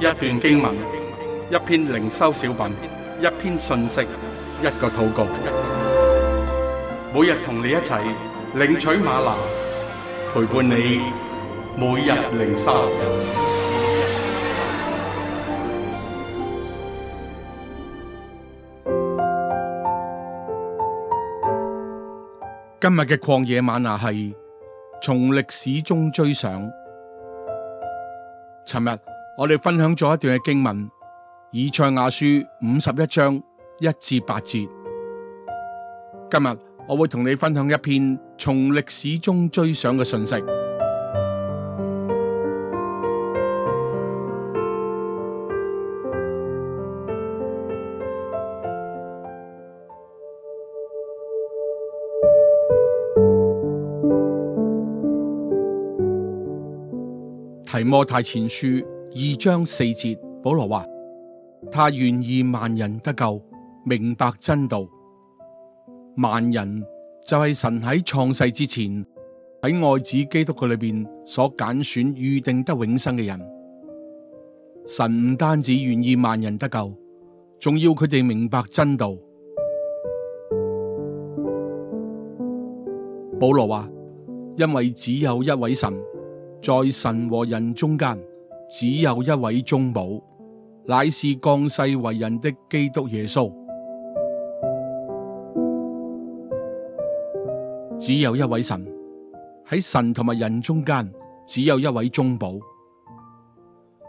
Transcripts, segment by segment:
一段經文，一篇靈修小品，一篇信息，一個禱告。每日同你一齊領取嗎哪，陪伴你每日靈修。今日嘅曠野嗎哪係從歷史中追想。尋日。我哋分享咗一段嘅經文，以賽亞書五十一章一至八節。今日我會同你分享一篇從歷史中追想嘅信息。提摩太前書。二章四節，保羅話：他願意萬人得救，明白真道。萬人就係、是、神喺創世之前喺愛子基督佢裏邊所揀選預定得永生嘅人。神唔單止願意萬人得救，仲要佢哋明白真道。保羅話：因為只有一位神，在神和人中間。只有一位中保，乃是降世為人的基督耶穌。只有一位神，喺神同埋人中間，只有一位中保。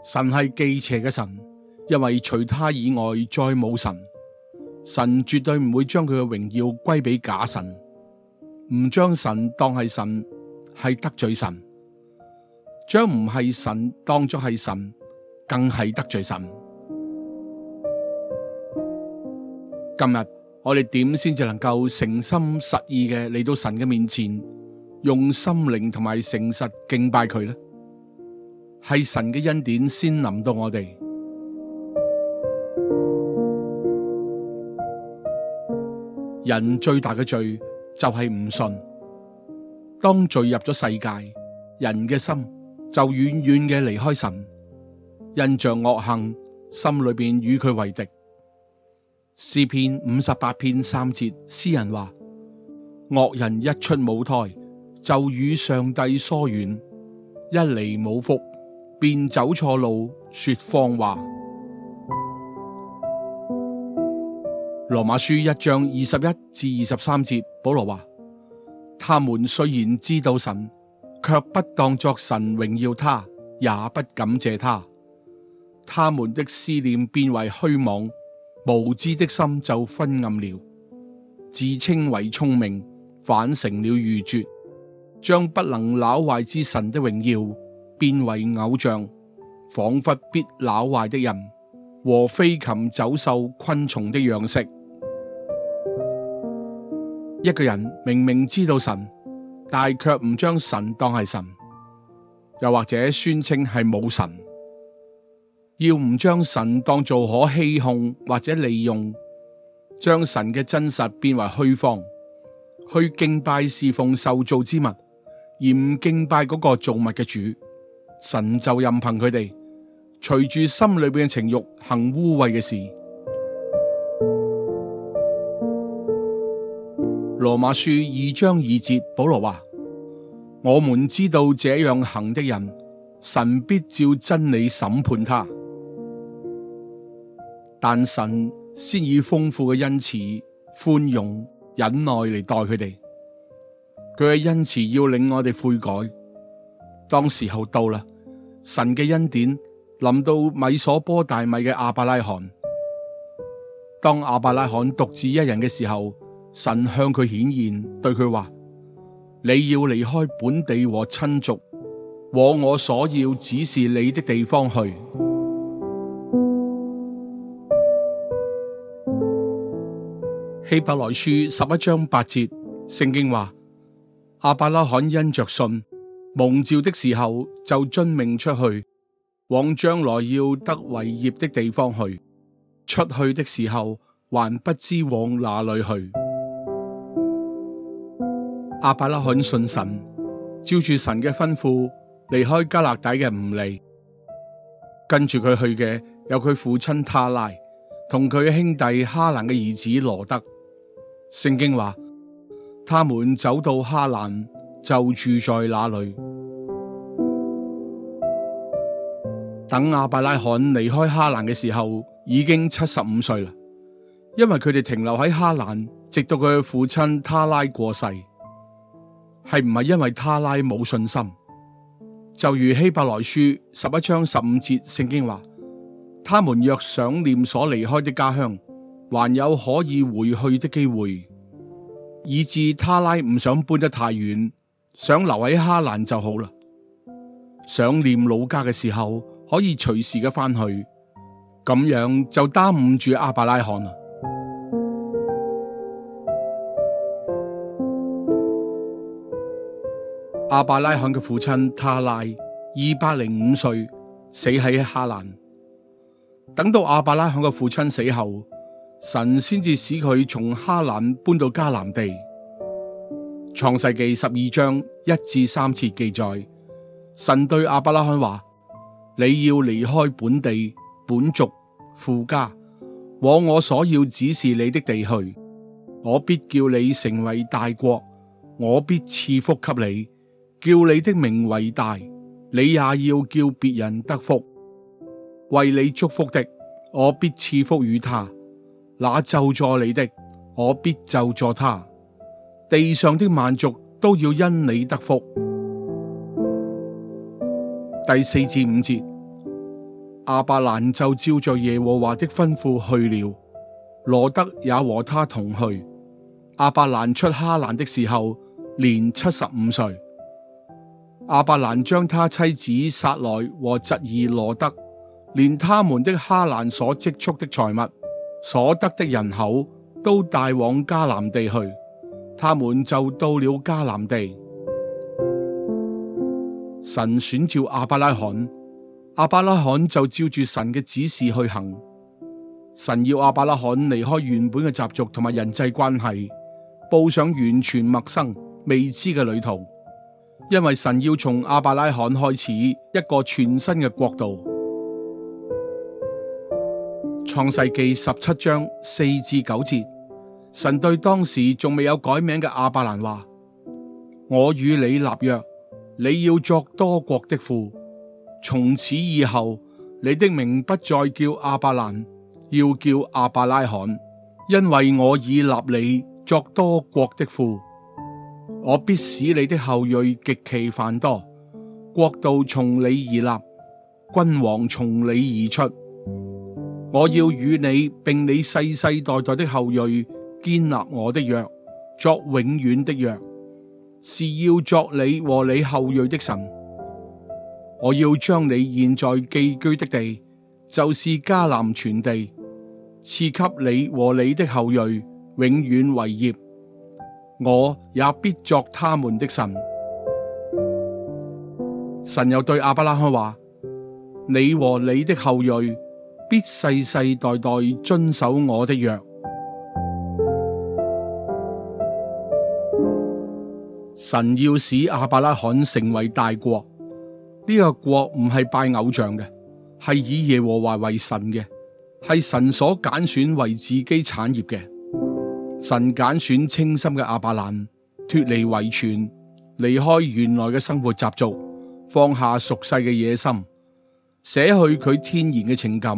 神係忌邪嘅神，因為除他以外再冇神。神絕對唔會將佢嘅榮耀歸俾假神，唔將神當係神，係得罪神。將唔係神當作係神，更係得罪神。今日我哋點先至能夠誠心實意嘅嚟到神嘅面前，用心靈同埋誠實敬拜佢呢？係神嘅恩典先臨到我哋。人最大嘅罪就係唔信，當罪入咗世界，人嘅心。就遠遠嘅離開神，印象惡行，心裏面與佢為敵。詩篇五十八篇三節，詩人話：惡人一出母胎，就與上帝疏遠；一離母腹，便走錯路，說謊話。羅馬書一章二十一至二十三節，保羅話：他們雖然知道神。卻不當作神榮耀他，他也不感謝他。他們的思念變為虛妄，無知的心就昏暗了。自稱為聰明，反成了愚拙。將不能朽壞之神的榮耀變為偶像，仿佛必朽壞的人和飛禽走獸、昆蟲的樣式。一個人明明知道神。但係卻唔將神當係神，又或者宣稱係冇神，要唔將神當做可欺哄或者利用，將神嘅真實變為虛謊，去敬拜侍奉受造之物，而唔敬拜嗰個造物嘅主，神就任憑佢哋隨住心裏邊嘅情欲行污穢嘅事。羅馬書二章二節，保羅話：「我們知道這樣行的人，神必照真理審判他。但神先以豐富嘅恩慈、寬容、忍耐嚟待佢哋。佢嘅恩慈要令我哋悔改。當時候到啦，神嘅恩典臨到米所波大米嘅亞伯拉罕。當亞伯拉罕獨自一人嘅時候，神向佢顯現，對佢話：你要離開本地和親族，往我所要指示你的地方去。希伯來書十一章八節，聖經話：亞伯拉罕因着信，蒙召的時候就遵命出去，往將來要得為業的地方去。出去的時候還不知往哪裏去。亞伯拉罕信神，照住神嘅吩咐離開迦勒底嘅吾珥，跟住佢去嘅有佢父親他拉，同佢兄弟哈蘭嘅兒子羅德。聖經話，他們走到哈蘭就住在那裏。等亞伯拉罕離開哈蘭嘅時候，已經七十五歲啦。因為佢哋停留喺哈蘭，直到佢父親他拉過世。係唔係因為他拉冇信心？就如希伯來書十一章十五節聖經話：他們若想念所離開的家鄉，還有可以回去的機會，以致他拉唔想搬得太遠，想留喺哈蘭就好啦。想念老家嘅時候，可以隨時嘅返去，咁樣就耽誤住亞伯拉罕啦。亞伯拉罕嘅父親他拉二百零五歲死喺哈蘭。等到亞伯拉罕嘅父親死後，神先至使佢從哈蘭搬到迦南地。創世記十二章一至三節記載，神對亞伯拉罕話：你要離開本地本族父家，往我所要指示你的地去，我必叫你成為大國，我必賜福給你。叫你的名為大，你也要叫別人得福。為你祝福的，我必賜福與他；那救助你的，我必救助他。地上的萬族都要因你得福。第四至五節，阿伯蘭就照着耶和華的吩咐去了。羅德也和他同去。阿伯蘭出哈蘭的時候，年七十五歲。亞伯蘭將他妻子撒萊和侄兒羅得，連他們的哈蘭所積蓄的財物、所得的人口，都帶往迦南地去。他們就到了迦南地。神選召亞伯拉罕，亞伯拉罕就照住神嘅指示去行。神要亞伯拉罕離開原本嘅習俗同埋人際關係，步上完全陌生、未知嘅旅途。因為神要從亞伯拉罕開始一個全新嘅國度。創世記十七章四至九節，神對當時仲未有改名嘅亞伯蘭話：我與你立約，你要作多國的父。從此以後，你的名不再叫亞伯蘭，要叫亞伯拉罕，因為我已立你作多國的父。我必使你的後裔極其繁多，國度從你而立，君王從你而出。我要與你並你世世代代的後裔堅立我的約，作永遠的約，是要作你和你後裔的神。我要將你現在寄居的地，就是迦南全地，賜給你和你的後裔，永遠為業。我也必作他們的神。神又對亞伯拉罕話：你和你的後裔必世世代代遵守我的約。神要使亞伯拉罕成為大國。呢個國唔係拜偶像嘅，係以耶和華為神嘅，係神所揀選為自己產業嘅。神揀選清心嘅亞伯蘭脫離遺傳，離開原來嘅生活習俗，放下俗世嘅野心，捨去佢天然嘅情感，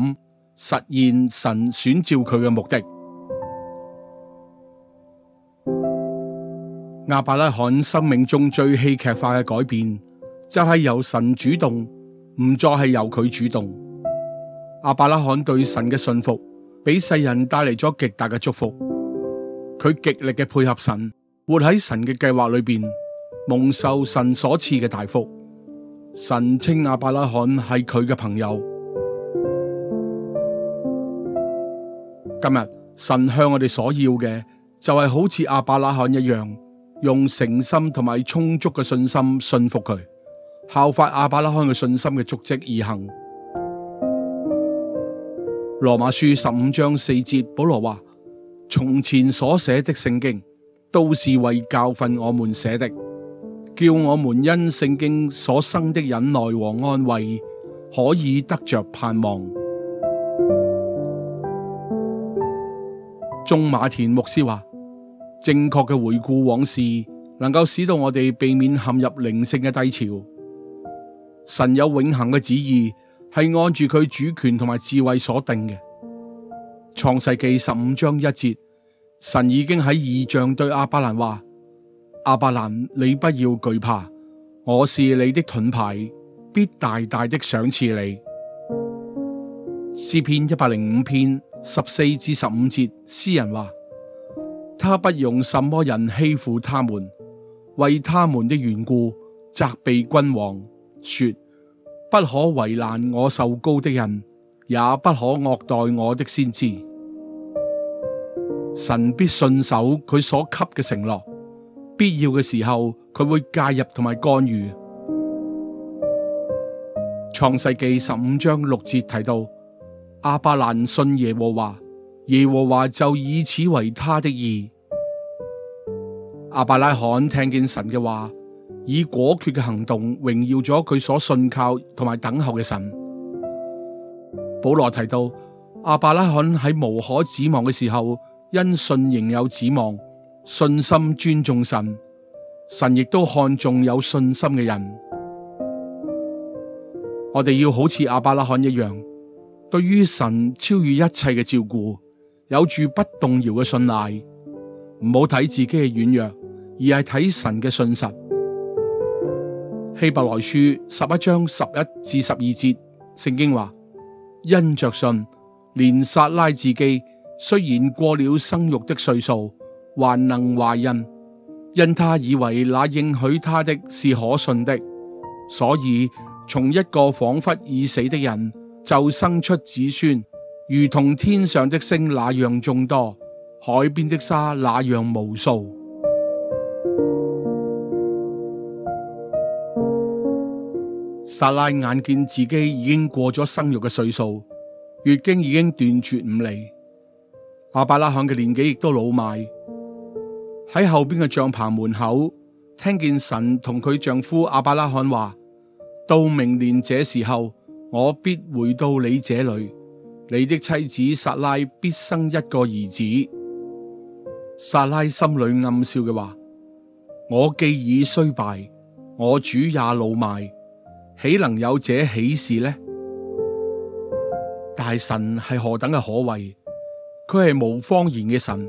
實現神選召佢嘅目的。亞伯拉罕生命中最戲劇化嘅改變就係由神主動，唔再係由佢主動。亞伯拉罕對神嘅信服，俾世人帶嚟咗極大嘅祝福。佢極力嘅配合神，活喺神嘅計劃裏邊，蒙受神所賜嘅大福。神稱阿伯拉罕係佢嘅朋友。今日神向我哋所要嘅就係好似阿伯拉罕一樣，用誠心同埋充足嘅信心信服佢，效法阿伯拉罕嘅信心嘅足跡而行。羅馬書十五章四節，保羅話。從前所寫的聖經，都是為教訓我們寫的，叫我們因聖經所生的忍耐和安慰，可以得着盼望。鍾馬田牧師話：正確嘅回顧往事，能夠使到我哋避免陷入靈性嘅低潮。神有永恒嘅旨意，係按住佢主權同埋智慧所定嘅。創世記十五章一節，神已經喺異象對亞伯蘭話：亞伯蘭，你不要懼怕，我是你的盾牌，必大大的賞賜你。詩篇一百零五篇十四至十五節，詩人話：他不用什麼人欺負他們，為他們的緣故責備君王，說不可為難我受膏的人。也不可惡待我的先知，神必信守佢所給嘅承諾，必要嘅時候，佢會介入同埋干預。創世紀十五章六節提到，阿伯蘭信耶和華，耶和華就以此為他的義。阿伯拉罕聽見神嘅話，以果決嘅行動榮耀咗佢所信靠同埋等候嘅神。保羅提到阿伯拉罕喺無可指望嘅時候，因信仍有指望，信心尊重神，神亦都看重有信心嘅人。我哋要好似阿伯拉罕一樣，對於神超越一切嘅照顧，有住不動搖嘅信賴，唔好睇自己嘅軟弱，而係睇神嘅信實。希伯來書十一章十一至十二節，聖經話。因着信，連撒拉自己雖然過了生育的歲數，還能懷孕，因他以為那應許他的是可信的，所以從一個仿佛已死的人就生出子孫，如同天上的星那樣眾多，海邊的沙那樣無數。撒拉眼見自己已經過咗生育嘅歲數，月經已經斷絕唔嚟。亞伯拉罕嘅年紀亦都老邁，喺後邊嘅帳棚門口聽見神同佢丈夫亞伯拉罕話：到明年這時候，我必回到你這裏，你的妻子撒拉必生一個兒子。撒拉心裏暗笑嘅話：我既已衰敗，我主也老邁。豈能有這喜事呢？但是神係何等嘅可畏，佢係無謊言嘅神，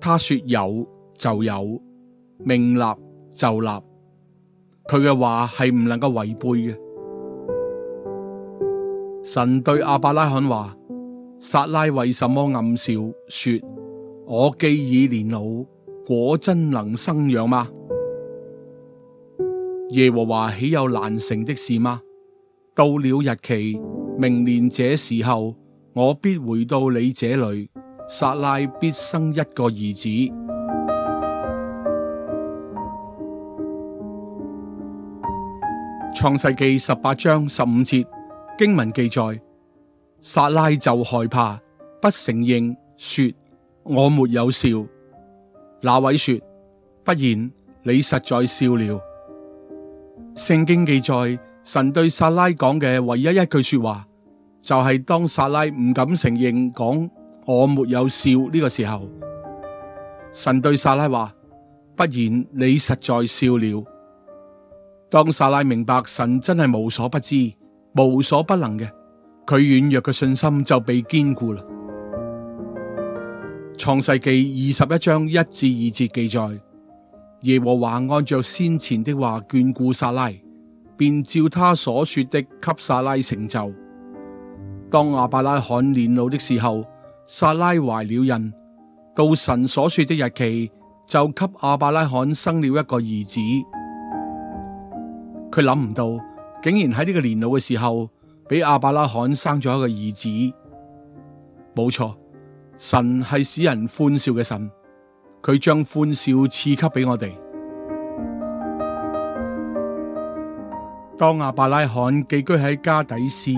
他說有就有，命立就立，佢嘅話係唔能夠違背嘅。神對亞伯拉罕話：撒拉為什麼暗笑說，說我既已年老，果真能生養嗎？耶和華豈有難成的事嗎？到了日期，明年這時候，我必回到你這裏。撒拉必生一個兒子。創世記十八章十五節經文記載：撒拉就害怕，不承認，說我沒有笑。那位說：不然，你實在笑了。聖經記載，神對撒拉講嘅唯一一句說話，就係當撒拉唔敢承認講我沒有笑呢個時候，神對撒拉話：不然你實在笑了。當撒拉明白神真係無所不知、無所不能嘅，佢軟弱嘅信心就被堅固啦。創世記二十一章一至二節記載。耶和華按照先前的話眷顧撒拉，便照他所說的給撒拉成就。當亞伯拉罕年老的時候，撒拉懷了孕，到神所說的日期，就給亞伯拉罕生了一個兒子。佢諗唔到，竟然喺呢個年老嘅時候，俾亞伯拉罕生咗一個兒子。冇錯，神係使人歡笑嘅神。佢將歡笑賜給俾我哋。當亞伯拉罕寄居喺加底斯，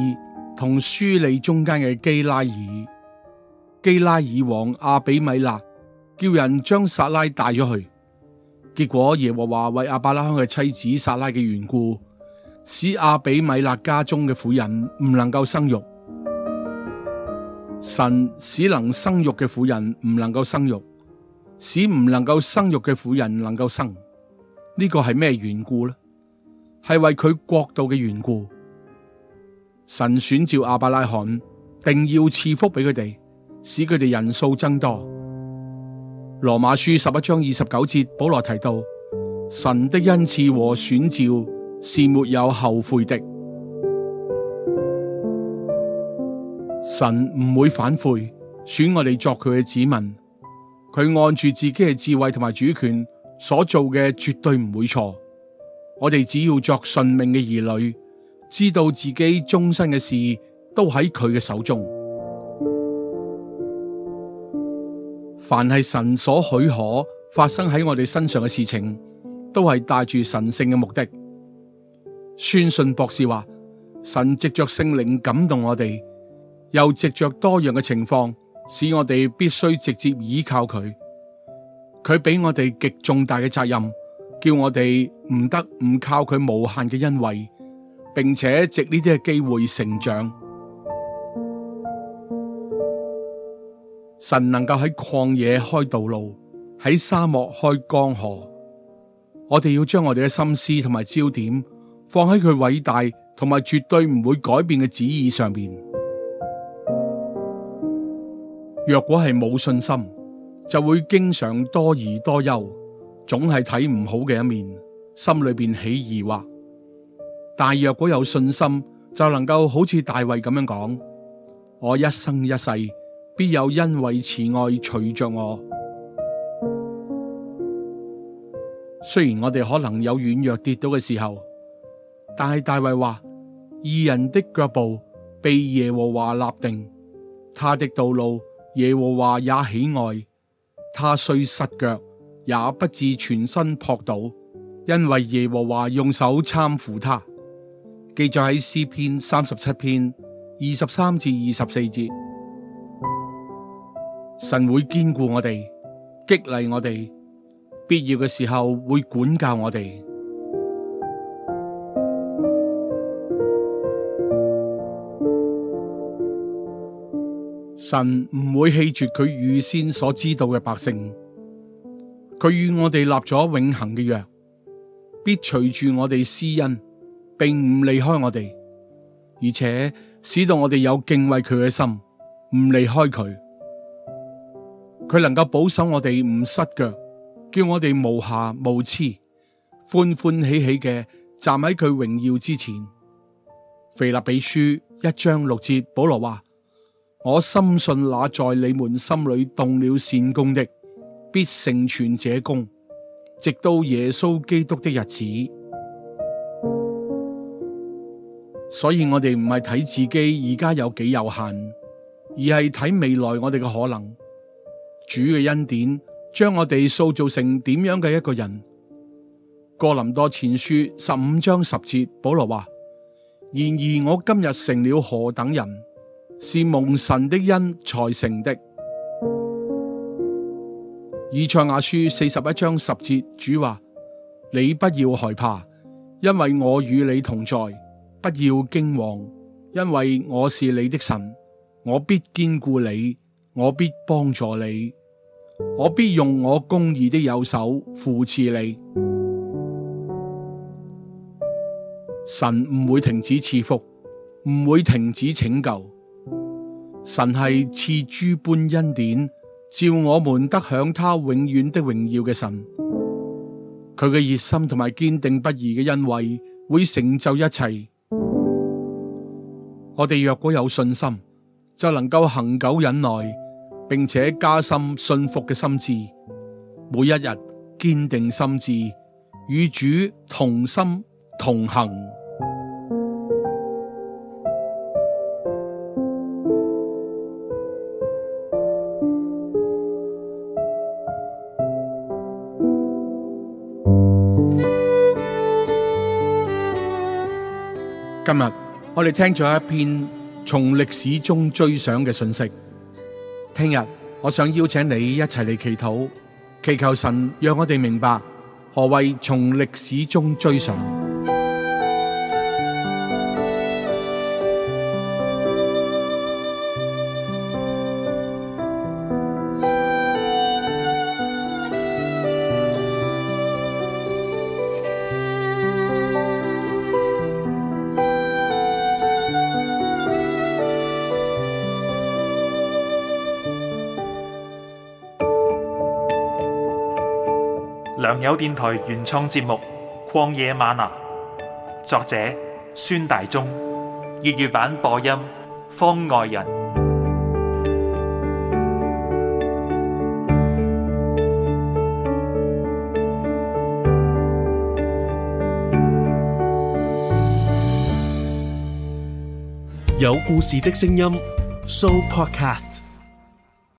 同蘇利中間嘅基拉爾，基拉爾王阿比米勒叫人將撒拉帶咗去。結果耶和華為亞伯拉罕嘅妻子撒拉嘅緣故，使阿比米勒家中嘅婦人唔能夠生育。神使能生育嘅婦人唔能夠生育。使唔能夠生育嘅婦人能夠生，呢個係咩緣故呢？係為佢國度嘅緣故。神選召亞伯拉罕，定要賜福俾佢哋，使佢哋人數增多。羅馬書十一章二十九節，保羅提到神的恩賜和選召是沒有後悔的，神唔會反悔，選我哋作佢嘅子民。佢按住自己嘅智慧同埋主權所做嘅，絕對唔會錯，我哋只要作順命嘅兒女，知道自己終身嘅事都喺佢嘅手中。凡係神所許可發生喺我哋身上嘅事情，都係帶住神聖嘅目的。宣信博士話：神藉着聖靈感動我哋，又藉着多樣嘅情況。使我哋必須直接依靠佢，佢俾我哋極重大嘅責任，叫我哋唔得唔靠佢無限嘅恩惠，並且藉呢啲嘅機會成長。神能夠喺曠野開道路，喺沙漠開江河，我哋要將我哋嘅心思同埋焦點放喺佢偉大同埋絕對唔會改變嘅旨意上面。若果係冇信心，就會經常多疑多憂，總係睇唔好嘅一面，心裏邊起疑惑。但若果有信心，就能夠好似大衛咁樣講：我一生一世必有恩惠慈愛隨着我。雖然我哋可能有軟弱跌倒嘅時候，但係大衛話：義人的腳步被耶和華立定，他的道路，耶和華也喜愛，他雖失腳，也不至全身仆倒，因為耶和華用手攙扶他。記載喺詩篇三十七篇二十三至二十四節。神會堅固我哋，激勵我哋，必要嘅時候會管教我哋。神唔會棄絕佢預先所知道嘅百姓，佢與我哋立咗永恒嘅約，必隨住我哋施恩，並唔離開我哋，而且使到我哋有敬畏佢嘅心，唔離開佢。佢能夠保守我哋唔失腳，叫我哋無瑕無疵，歡歡喜喜嘅站喺佢榮耀之前。腓立比書一章六節，保羅話。我深信那在你們心裏動了善工的，必成全這工，直到耶穌基督的日子。所以我哋唔係睇自己而家有幾有限，而係睇未來我哋嘅可能。主嘅恩典將我哋塑造成點樣嘅一個人？哥林多前書十五章十節，保羅話：然而我今日成了何等人！是蒙神的恩才成的。以賽亞書四十一章十節，主話：你不要害怕，因為我與你同在；不要驚惶，因為我是你的神，我必堅固你，我必幫助你，我必用我公義的右手扶持你。神唔會停止賜福，唔會停止拯救。神係賜諸般恩典，召我們得享他永遠的榮耀嘅神，佢嘅熱心同埋堅定不移嘅恩惠會成就一切。我哋若果有信心，就能夠恒久忍耐，並且加深信服嘅心智。每一日堅定心智，與主同心同行。今日我哋聽咗一篇從歷史中追想嘅信息，聽日我想邀請你一齊嚟祈禱，祈求神讓我哋明白何謂從歷史中追想。良友電台原創節目《曠野嗎哪》，作者孫大中，粵語版播音方外人，有故事的聲音，Show Podcasts。